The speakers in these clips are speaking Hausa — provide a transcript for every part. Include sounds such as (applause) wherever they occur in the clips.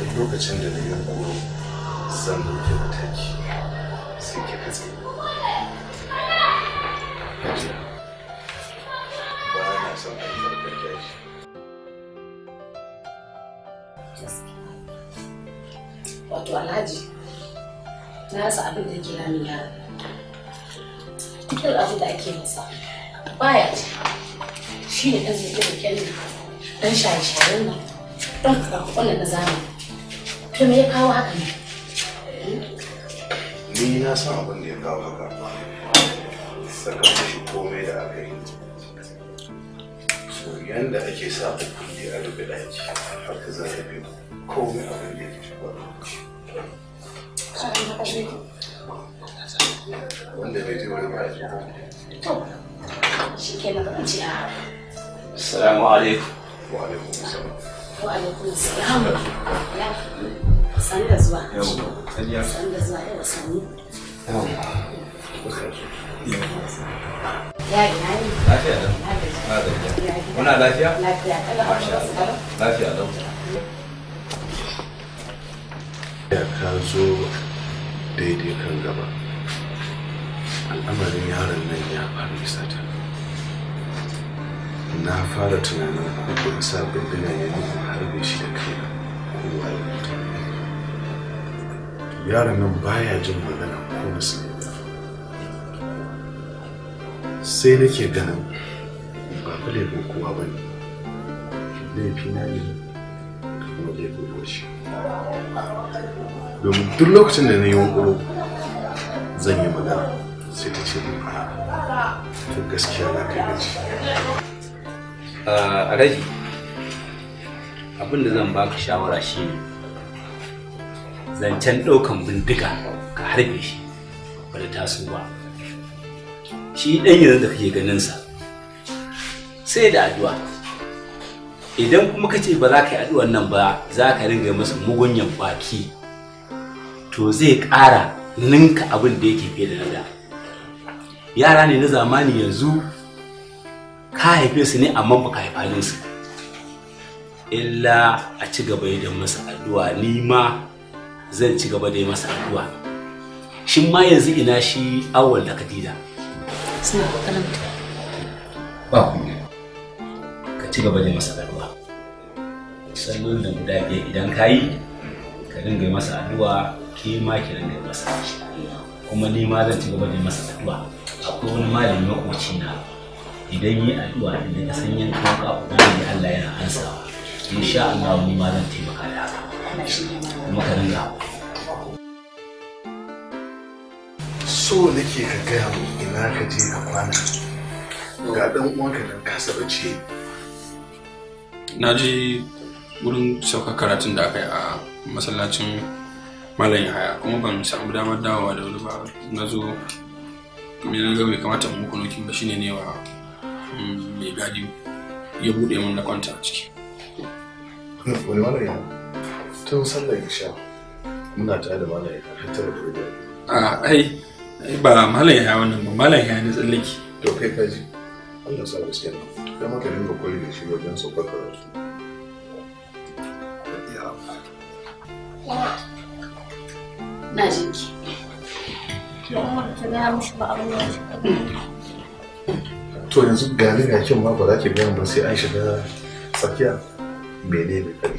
duk lokacin da na yi horo zan ɗauki mataki sai ki katse ba na son aikar da kyashi wato alhaji na rasa abin da yake ramin yara duk abin da ake masa baya ci shi ne ɗan zai da kyanin ɗan shaye-shayen nan ɗan kakakon da na zamani to me ya kawo haka ne ni na san abin da ya kawo haka saka shi komai da aka yi so yanda ake sa kuɗi a rufe daji haka za komai abin da ya fi wanda bai je wani ba ya to shi ke na ba ce a Assalamu alaikum. Wa alaikum Wa alaikum san da zuwa san da zuwa yau sani ya ina ne lafiya da lafiya muna lafiya lafiya kala lafiya da ya ka zo daidai kan gaba al'amarin yaron nan ya faru isa na fara tunanin abin sa bindiga ya nuna harbe shi da kai kowa yaron nan baya jin magana ko da sai nake ganin ba fa laifin kowa ba ne laifi na ne kuma laifin wasu domin duk lokacin da na yi wankuro zan yi magana sai ta ce min fara ta gaskiya na kai gaci a ah, rai abin da zan baka shawara shi ne. zancen ɗaukan bindiga ka harbe shi ba da taso ba shi ɗan yanzu da kake ganin sa. sai da addu'a idan kuma ka ce ba za ka yi addu'an nan ba za ka ringa masa mugunyan baki to zai ƙara ninka abin da yake fiye da nada yara ne na zamani yanzu ka haife su ne amma ba ka haifa su illa a ci gaba da masa addu'a ni ma zan ci gaba da yi masa addu'a shin ma yanzu ina shi awal da Kadida? suna makaranta ba ku ka ci gaba da masa addu'a sallolin da guda biyar idan ka yi ka dinga masa addu'a ke ma ki dinga masa kuma ni ma zan ci gaba da masa addu'a akwai wani malami makoci na idan yi addu'a idan ka san yankan ka ubangiji Allah yana ansawa insha Allah ni ma zan taimaka da haka muka dinga so nake ka gaya mu ina ka je ka kwana ga dan uwanka nan kasa bace na je wurin sauka karatun da aka yi a masallacin malam yahaya kuma ban samu damar dawowa da wani ba nazo zo mai na ga bai kamata mu ba shine ne wa mm, mai gadi ya buɗe mun na kwanta a ciki tun sallar isha muna tare da malam ya hatta da kuri a ai ba malam ya wannan ba malam ya ne tsallake to kai ka ji Allah sa gaskiya kai maka dinga koyi da shi wajen saukar karatu na jinki to yanzu ga ga kin ma ba za ki biyan ba sai an shiga tsakiya menene kai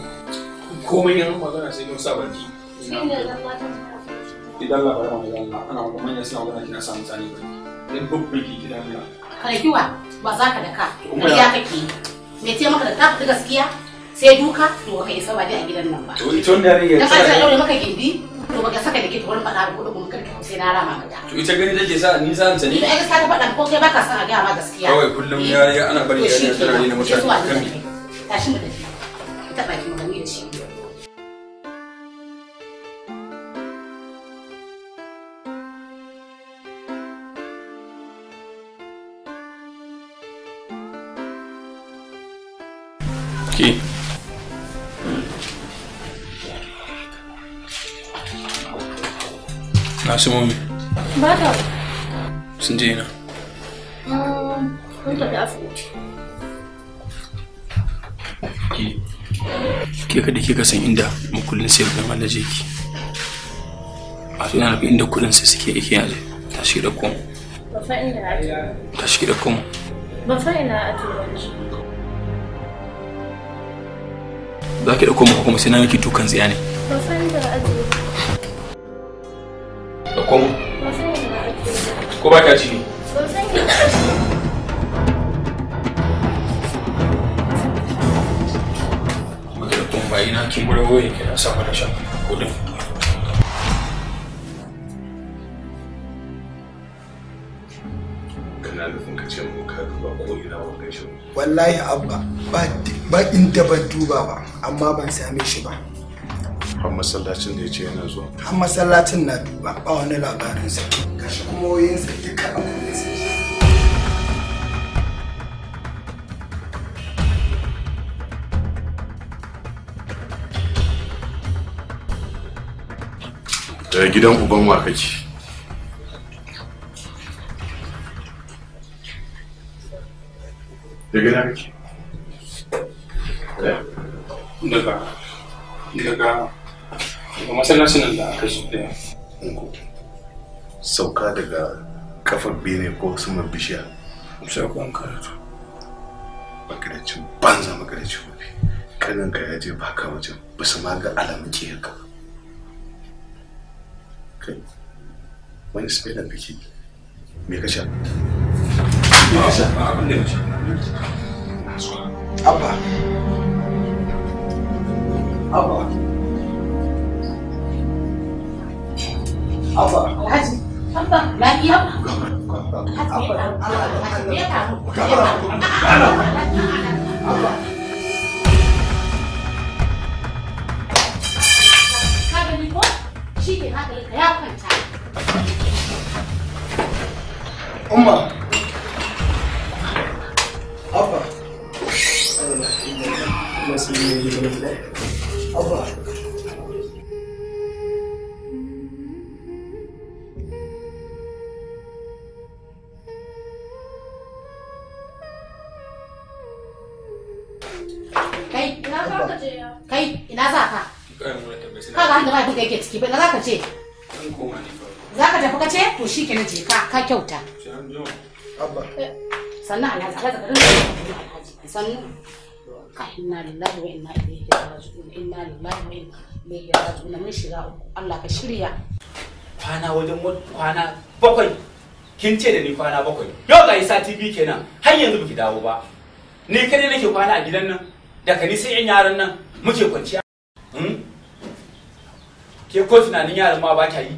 komai ya magana sai mun sa baki idan la bara wani Allah ana ga manyan suna magana kina sa mutane baki dan babban ki kira Allah kada kiwa ba za ka da ka kuma ya kake mai ce maka da ta fi gaskiya sai duka to ka isa ba dai a gidan nan ba to ita wanda ne ya tsaya da maka gindi to baka saka da ke tuwar faɗa da kuɗin kuma kai sai na rama mata. To ita gani take sa ni sa ta ne. Ai gaskiya ta faɗa ko kai baka son a ga ma gaskiya. Kawai kullum yariya ana bari eh, yariya tana ne na mutane kan. Tashi mu tafi. Ta baki mu Okay. Na su mami. Ba ta. Sun je na. Sun tafi asibiti. Ke kaɗai kika san inda makullin sayar da malaje ki. A suna nufi inda kudin sai suke ake yanzu. Tashi da kuma. Ba fa inda ake. Tashi da kuma. Ba fa ina ake wani. za ki ɗauko muku kuma sai na miki dukan tsiya ne ɗauko mu ko ba ka ciki ba ina kin bura waye kina sa mana shan kudin kana nufin ka ce mun ka duba ko ina wannan shirin wallahi abba ba inda ban duba ba amma ban same shi ba har masallacin da ya ce yana zuwa har masallacin na duba ba wani labarinsa gashi kuma wayoyinsa duka abin da gidan uban wa kake daga na daga da aka shi sauka daga kafar bene ko saman bishiya sakon karatu makaracin banza makaracin mafi kanan ka ya je baka wajen basu ma ga alamun kiyarka kai wani me ka sha Abba. Abba. Abba. Alhaji. Abba, lafiya? Abba. Abba. Ka gani ko? Shi ke Umma. ka kyauta eh, sannan alhaji alhaji ka rinka alhaji sannan inna lillahi wa inna ilaihi raji'un inna lillahi wa inna ilaihi raji'un mun shiga Allah ka shirya kwana wajen kwana bakwai kin ce da ni kwana bakwai yau ga sati biyu kenan har yanzu biki dawo ba ni kadai nake kwana a gidan nan daga ni sai yan yaran nan muke kwanciya hmm? ke ko tunanin yaran ma ba ta yi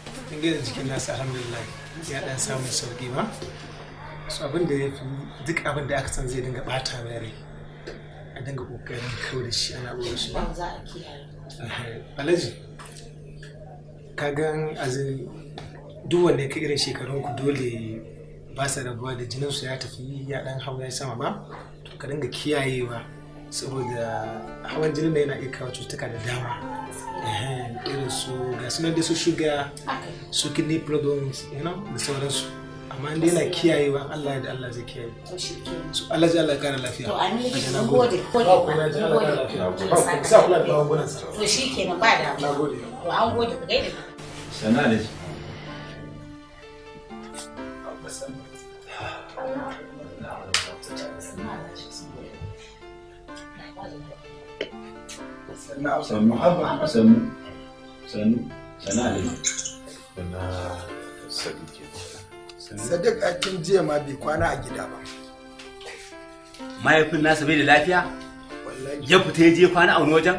kin ga jikin nasa alhamdulillah ya dan samu sauki ba so abin da ya fi duk abin da aka san zai dinga bata mai rai a dinga kokarin kawai da shi ana ɓoye shi ba za a eh, alhaji ka gan azin duk wanda ka irin shekarun ku dole ba sa rabuwa da jinin su ya tafi ya dan hau ya sama ba to ka dinga kiyayewa saboda hawan jinin da yana iya kawo cutuka da dama irin su ga sunan da su shiga su kidney problems you know da sauransu amma in yana kiyayewa Allah da Allah zai kiyaye su Allah ji Allah kara lafiya to amin na gode ko da ko ji Allah lafiya sa kula da magungunan sa to shikenan ba da na gode to an gode ku gaida sana da shi sannu haba sannu sannu sannu alima na sadiki sadiq a kin jiya ma bai kwana a gida ba mahaifin nasa bai da lafiya ya fita ya je kwana a wani wajen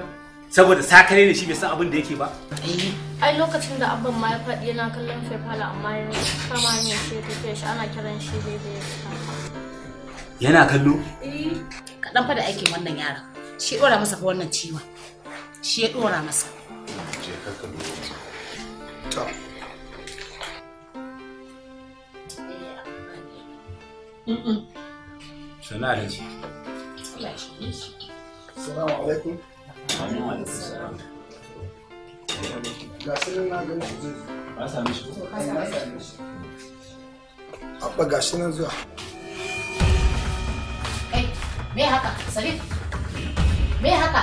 saboda sakare ne shi bai san abin da yake ba eh, ai lokacin da abban ma ya faɗi yana kallon fefala amma ya kama ne shi ya tafiya shi ana kiran shi daidai yana kallo eh. kaɗan fa da aikin wannan yaron shi ɗora masa fa wannan ciwon shi ya dora masa sana da alaikum. ga shi nan zuwa. Kai, me haka? Salim. Me haka?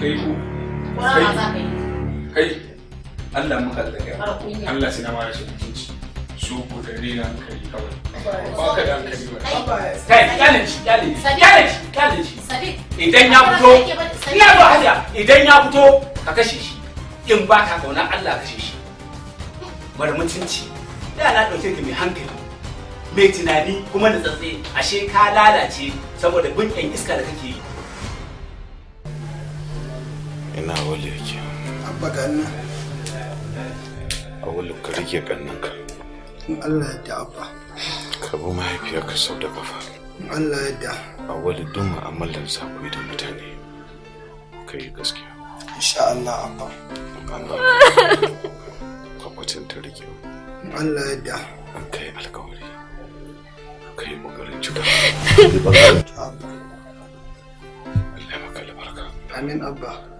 kai ku kai kai Allah muka daga Allah sai na mara shi mutunci su ku da rena kai kawai ba ka da kai ba kai challenge challenge challenge challenge idan ya fito ina ba hadiya idan ya fito ka kashe shi in ba ka kauna Allah kashe shi mara mutunci da na dauke ki mai hankali mai tunani kuma da tsatse ashe ka lalace saboda bin iska da kake yi ina wale yake abba ganna awali ka rike ka in Allah ya da abba ka bi ka sau da kafa in Allah ya da awali duk mu'amalar sa ku da mutane ka yi gaskiya insha Allah abba ka ta rike in Allah ya da an kai alkawari ka yi kokarin cika abba Allah ya maka amin abba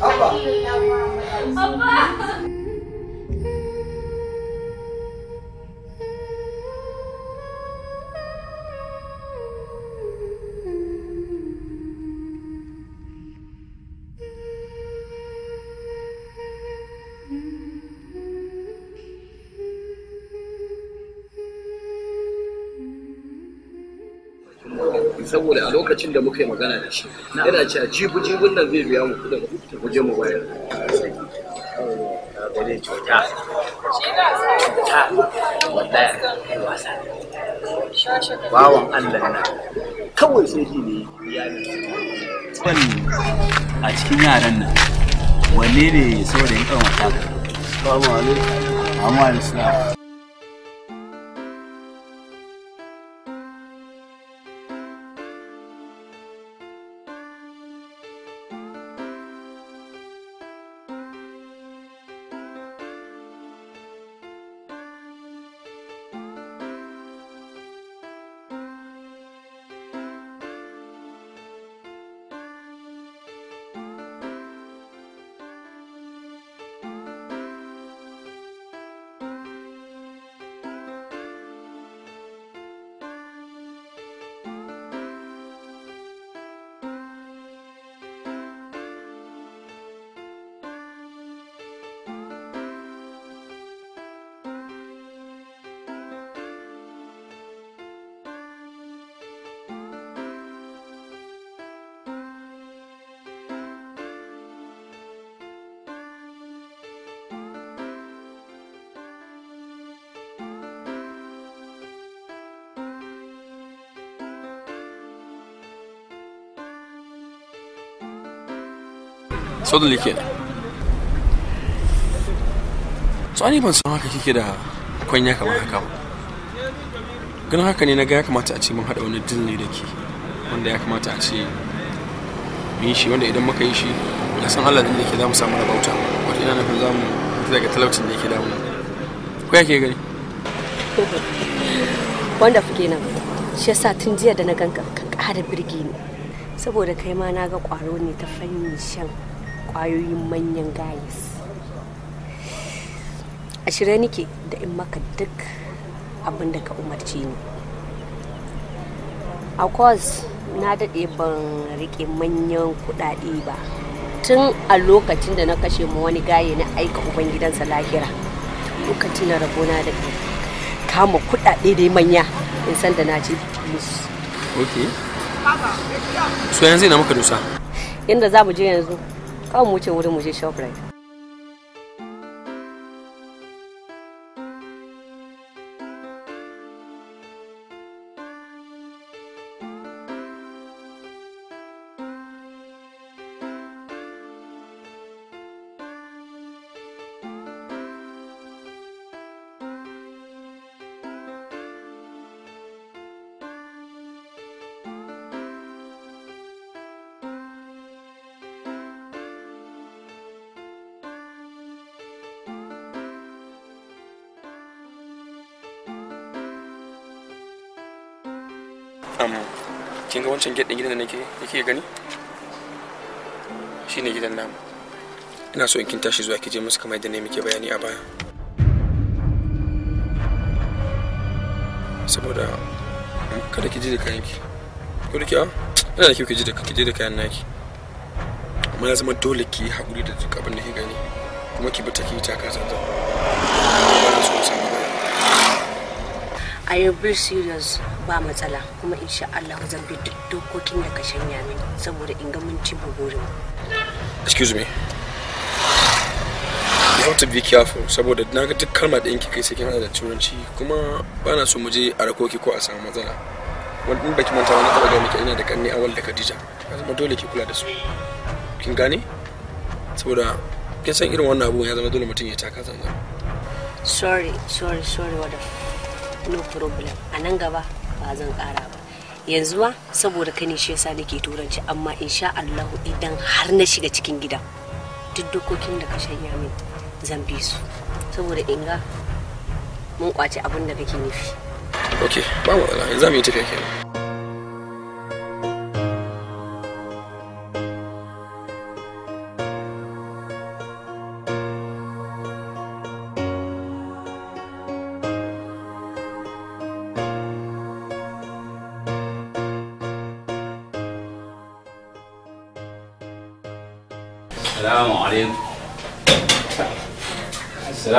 Apa? Apa? lokacin da muka yi magana da shi yana cewa jibu jibun nan zai biya mu kudin mu je mu bayar gare Allah na kawai sai ji ne ban a cikin yaran nan wanne ne saurayin kan wata assalamu alaikum amma suddenly kenan tsani ban san haka kike da ya kamar haka ba ganin haka ne na ga ya kamata a ce mun haɗa wani dil ne da ke wanda ya kamata a ce mu yi shi wanda idan muka yi shi da san Allah din da ke za mu samu rabauta wata ina nufin za mu daga talaucin da ke damu ko yake gani (laughs) wanda fuke nan shi sa tun jiya da na ganka ka ƙara birgi ni saboda kai ma na ga ƙwaro ne ta fannin shan kwayoyin manyan gayas a shirye nike da in maka duk abin da ka umarci ni a course na daɗe ban rike manyan kuɗaɗe ba tun a lokacin da na kashe ma wani gaye na aika ubangidansa lahira lokacin na rabona da kama kuɗaɗe dai manya in san da na ce musu ok so yanzu ina maka dusa Inda za mu je yanzu aw mu cɛ wɛrɛ mu se shop wancan gate din gidan da nake yake gani shine gidan namu ina so in kin tashi zuwa ki je musu kamar da ne muke bayani a baya saboda hmm, kada ki ji da kayan ki ko da kiya ina da kyau ki je da ki ji da kayan naki amma ya zama dole ki yi haƙuri da duk abin da ki gani kuma ki bi ta ki yi taka zanzan ba da so serious? ba matsala kuma insha Allah zan bi duk dokokin da ka shanya mini saboda in ga mun ci burin excuse me you have to be careful saboda na ga duk kalma da kai sai kin hada da turanci kuma ba na so mu je a rakoki ko a samu matsala wani in baki manta wani taba ga miki ina da kanni awal da Khadija zama dole ki kula da su kin gane saboda kin san irin wannan abu ya zama dole mutum ya taka zanzan sorry sorry sorry wada no problem a nan gaba ba zan kara ba yanzu wa saboda kani shi yasa nake turanci amma insha Allah idan har na shiga cikin gida duk dokokin da ka shanya min zan bi su saboda in mun kwace abin da kake nufi okay ba matsala yanzu mu yi kenan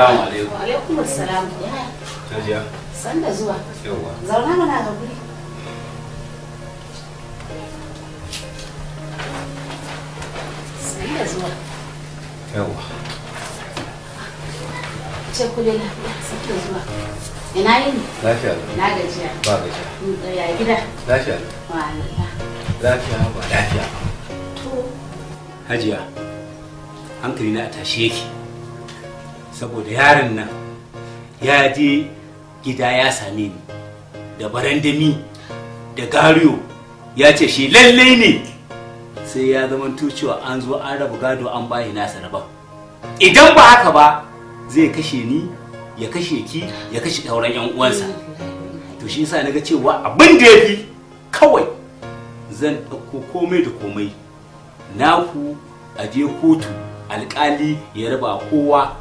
Salamu alaikum. Wa alaikum assalam. Yaya? Tajiya. San da zuwa. Yawwa. Zauna mana ga guri. San da zuwa. Yawwa. Ce kule lafiya, san da zuwa. Ina yini? Lafiya. Ina gajiya. Ba gajiya. Mm, ya gida? Lafiya. Wa Lafiya ba lafiya. To. Hajiya, hankali na a tashi yake. saboda yaron nan ya je gida ya same ni da barandami da gariyo ya ce shi lalle ne sai ya zama cewa an zo an raba gado an bayi nasa raba idan ba haka ba zai kashe ni ya kashe ki ya kashe dauran yan uwansa to shi yasa naga cewa abin da yafi kawai zan ɗauko komai da komai naku a je kotu alƙali ya raba kowa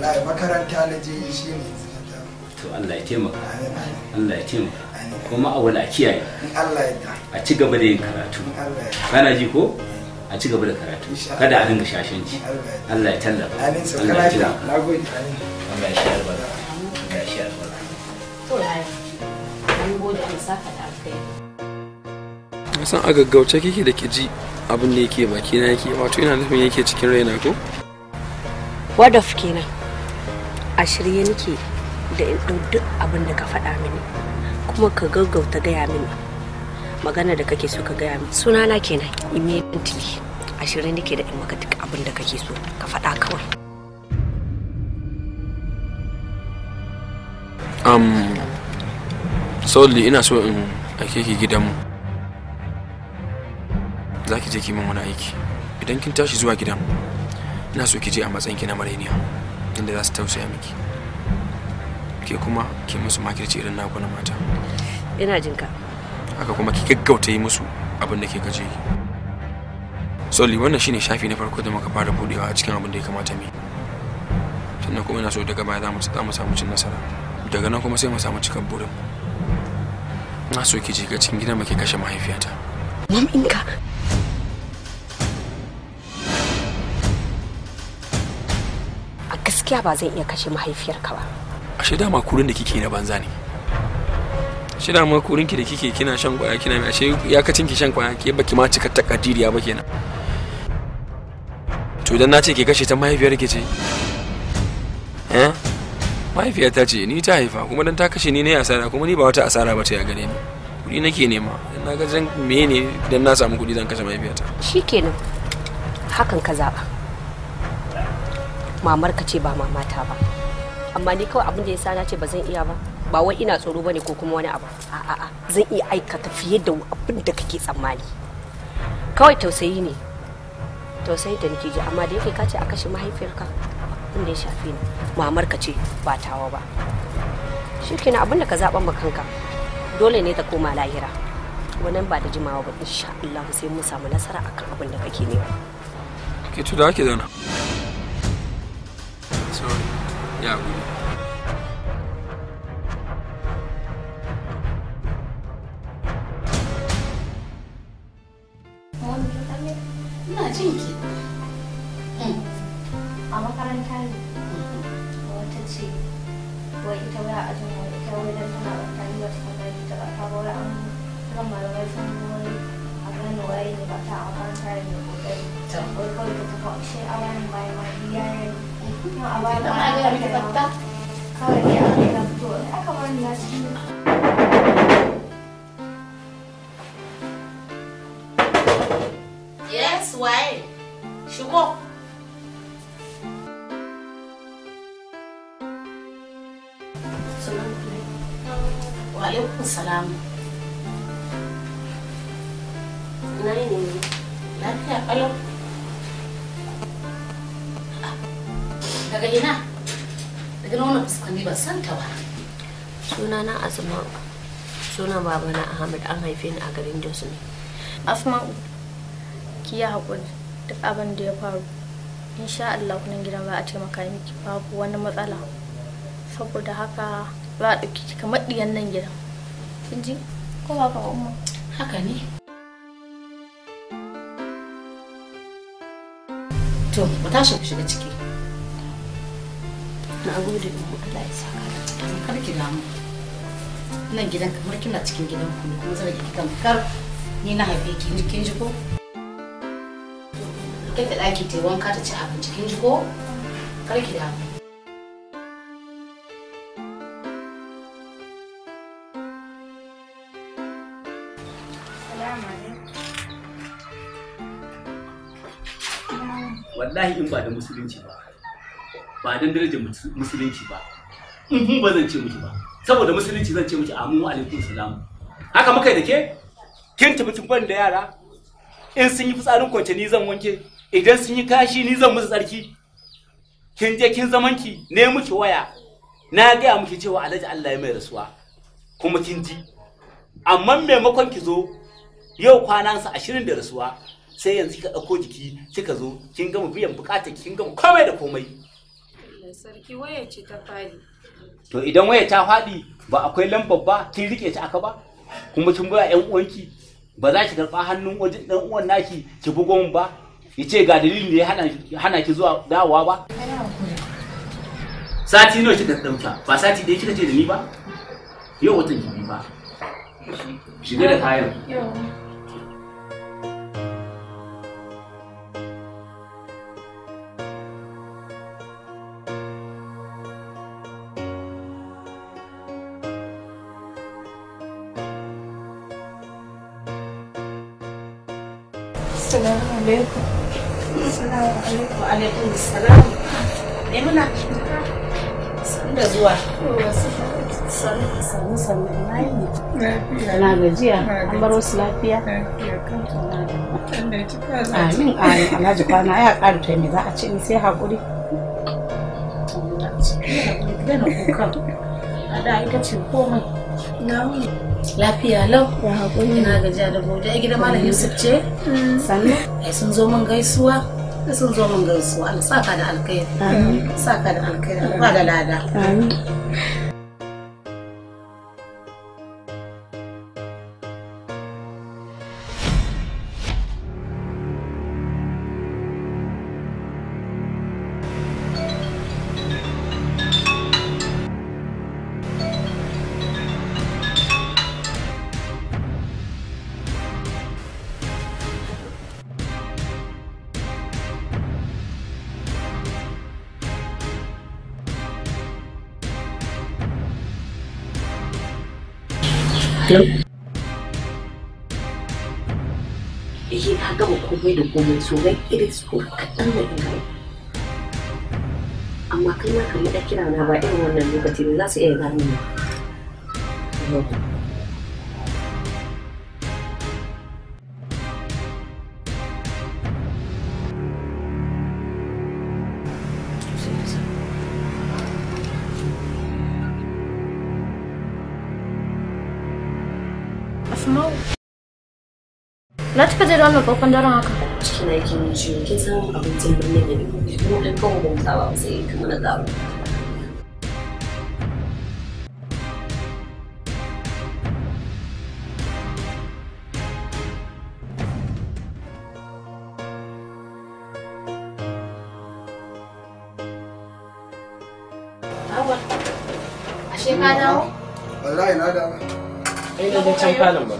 wallahi makaranta na je shi ne to Allah ya taimaka Allah ya taimaka kuma a wani ne Allah ya da a ci gaba da yin karatu kana ji ko a ci gaba da karatu kada a dinga shashanci Allah ya tallafa amin sai kana ji nagode Allah ya shi albarka Allah ya shi albarka to ai mun gode an saka da alkai san a gaggauce kike da kiji abin da yake baki na yake wato ina nufin yake cikin raina ko what of kenan a shirye nake da in ɗau duk abin da ka faɗa mini kuma ka gaggauta gaya mini magana da kake so ka gaya mini sunana kenan immediately a shirye nake da in maka duk abin da kake so ka faɗa kawai um solely ina so in ake ki gidanmu za ki je ki min wani aiki idan kin tashi zuwa gidan ina so ki je a matsayin ki na mareniya inda za su tausaya miki ke kuma ke musu makirci irin naku na mata ina jin ka haka kuma ki gaggauta yi musu abin da ke gaje ki soli wannan shine shafi na farko da muka fara budewa a cikin abin da ya kamata mu sannan kuma ina so daga baya za mu tsaya mu samu cin nasara daga nan kuma sai mu samu cikan burin na so ki je ga cikin gidan muke kashe mahaifiyata gaskiya ba zan iya kashe mahaifiyarka ba ashe dama kurin da kike na banza ne shi dama kurin ki da kike kina shan kwaya kina mai ashe yakacin ki shan kwaya ke baki ma cika takadiriya ba kenan to dan nace ke kashe ta mahaifiyar ki ce eh mahaifiyar ta ce ni ta haifa kuma dan ta kashe ni ne asara kuma ni ba wata asara ba ta ya gare ni kuɗi nake nema na ga zan mene dan na samu kuɗi zan kashe mahaifiyata shikenan hakan ka zaba mamar ka ce ba mamata ba amma ni kawai abin da sa na ce ba zan iya ba ba wai ina tsoro bane ko kuma wani abu a'a zan iya aikata fiye da abin da kake tsammani kawai tausayi ne tausayi da nake ji amma da yake ka ce a kashe mahaifiyarka abin da ya shafi ni mamar ka ce ba tawa ba shikenan abin da ka zaɓa ma kanka dole ne ta koma lahira wannan ba da jimawa ba insha Allah sai mun samu nasara akan abin da kake nema ke da ake zauna Yeah. Yes, why? Shigo. Wa alaikum salam. Ina ne lafiya kalau. Daga ina? Daga nuna fuskar ni ban santa ba. sunana asma'u suna babana ahmad an haife ni a garin jos ne asma'u ki yi haƙuri duk abin da ya faru sha Allah kunan gidan za a taimaka miki babu wani matsala saboda haka za a ɗauki cika maɗiyan nan gidan kin ji ko ba ka umma haka ne to mu tashi ku shiga ciki na gode mu Allah ya saka kar ki damu nan gidan kamar kina cikin gidan ku kuma zan ki tamkar ni na haife ki ni kin ji ko kai ta daki ta wanka ta ci abinci kin ji ko kar ki d'a wallahi in ba da musulunci ba ba don darajar musulunci ba in (laughs) ba zan ce miki ba saboda musulunci zan ce miki amu wa alaikum salam haka muka da ke kin tafi kin da yara in sun yi fitsarin kwance ni zan wanke idan sun yi kashi ni zan musu tsarki kin je kin zaman ki ne miki waya na gaya miki cewa "Alaji Allah ya mai rasuwa kuma kin ji amma maimakon ki zo yau sa ashirin da rasuwa sai yanzu kika ɗauko jiki kika zo kin gama biyan bukatar kin gama komai da komai sarki waya ce ta fari to idan waya ta faɗi ba akwai lambar ba kin rike ta aka ba kuma kin bura yan uwanki ba za ki karɓa hannun wajen ɗan uwan naki ki bugo min ba ya ce ga dalilin da ya hana ki zuwa dawowa ba sati nawa kika ɗauka ba sati dai kika ce da ni ba yau wata ki ba shiga da kayan na gajiya an baro su lafiya amin amin alhaji kwana ya ƙara ta za a ce sai haƙuri a da komai lafiya lau ya haƙuri na gajiya da gobe gida malam yusuf ce mm. sannu sun zo mun gaisuwa sun zo mun gaisuwa saka da alkhairi saka da alkhairi ba da lada Hello? Ihe na gama komai da komai so bai irin su kaɗan da kira na ba irin wannan lokaci ne za su iya gane ni. Na cika je da wannan kokon daren haka. Cikin aiki mai ciwo, kin ka dawo? Wallahi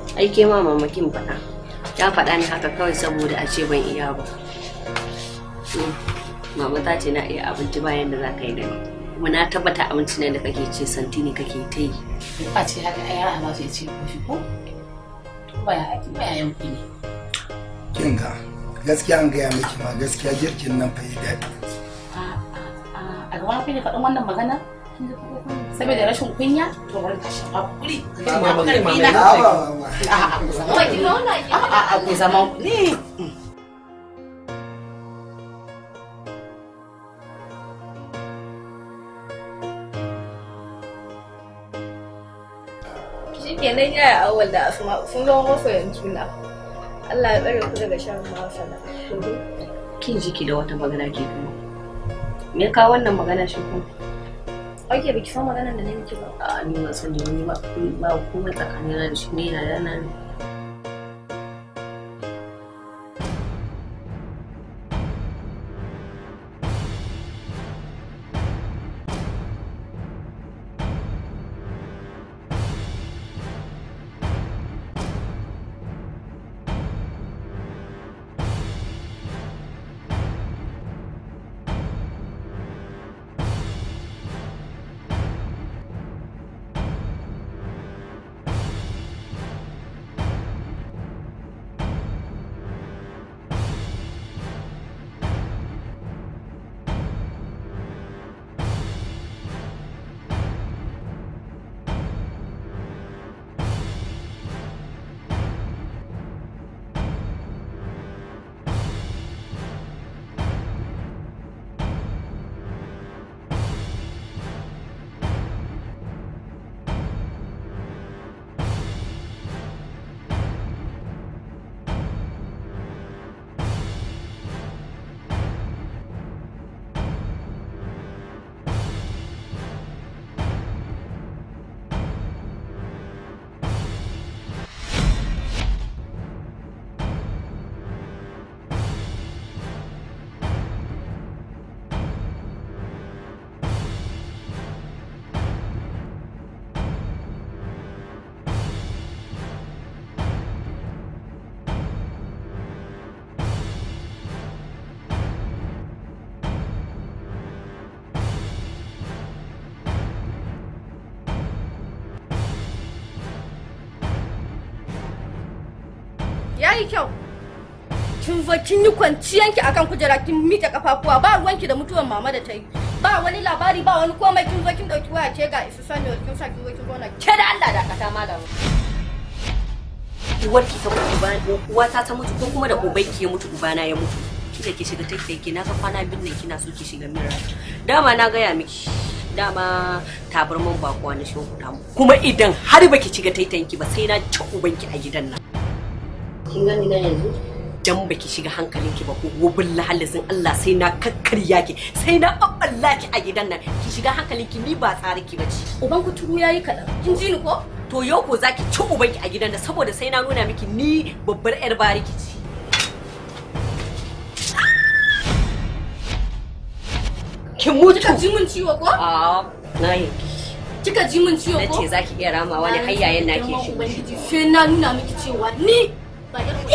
aike ma mamakin faɗa ta faɗa ni haka kawai saboda a ce ban iya ba hmm. mama ta ce na iya abinci bayan da za ka yi da ni kuma na tabbata abinci ne da kake ce santini kake ta yi a ce haka ai yara za su ce ko ba ya ba ya ne kin ga gaskiya an gaya miki ma gaskiya jirgin nan fa yi daɗi a a a ga wani ne faɗin wannan magana kin ga saboda rashin kunya to hakuri na karfi a ne kenan yaya awal da asma sun zama masoyan juna Allah ya tsare ku daga shan masana kin jiki da wata magana ke kuma me ka wannan magana shi kuma Oke, baki san magana da nake ba. A'a, ah, ni ban san da ni ba kuma tsakanin da shi ne yana nan. yayi kyau kin zo kin yi kwanciyanki akan kujera kin miƙe kafafuwa ba ruwanki da mutuwar mama da ta yi ba wani labari ba wani komai kin zo kin dauki waya ce ga isu sani kin sa kin zo kin gona ke da Allah da kata mu uwarki ta mutu ba uwa ta mutu ko kuma da gobai ki ya mutu na ya mutu kika ki shiga take take na ka kwana bin nan kina so ki shiga min dama na gaya miki dama tabarman bakuwa na shoku damu kuma idan har baki shiga taitanki ba sai na ci ubanki a gidan nan kin gani na yanzu dan baki shiga hankalin ki ba ko gobin lahalazin Allah sai na kakkarya ki sai na babballa ki a gidan nan ki shiga hankalin ki ni ba tsari ki bace uban ku turu yayi kadan kin ji ni ko to yau ko zaki ci uban ki a gidan nan saboda sai na nuna miki ni babbar yar bariki ce kin mutu kika ji mun ciwo ko a na yi kika ji mun ciwo ko nace zaki iya ramawa ne har yayin nake shi sai na nuna miki cewa ni Like,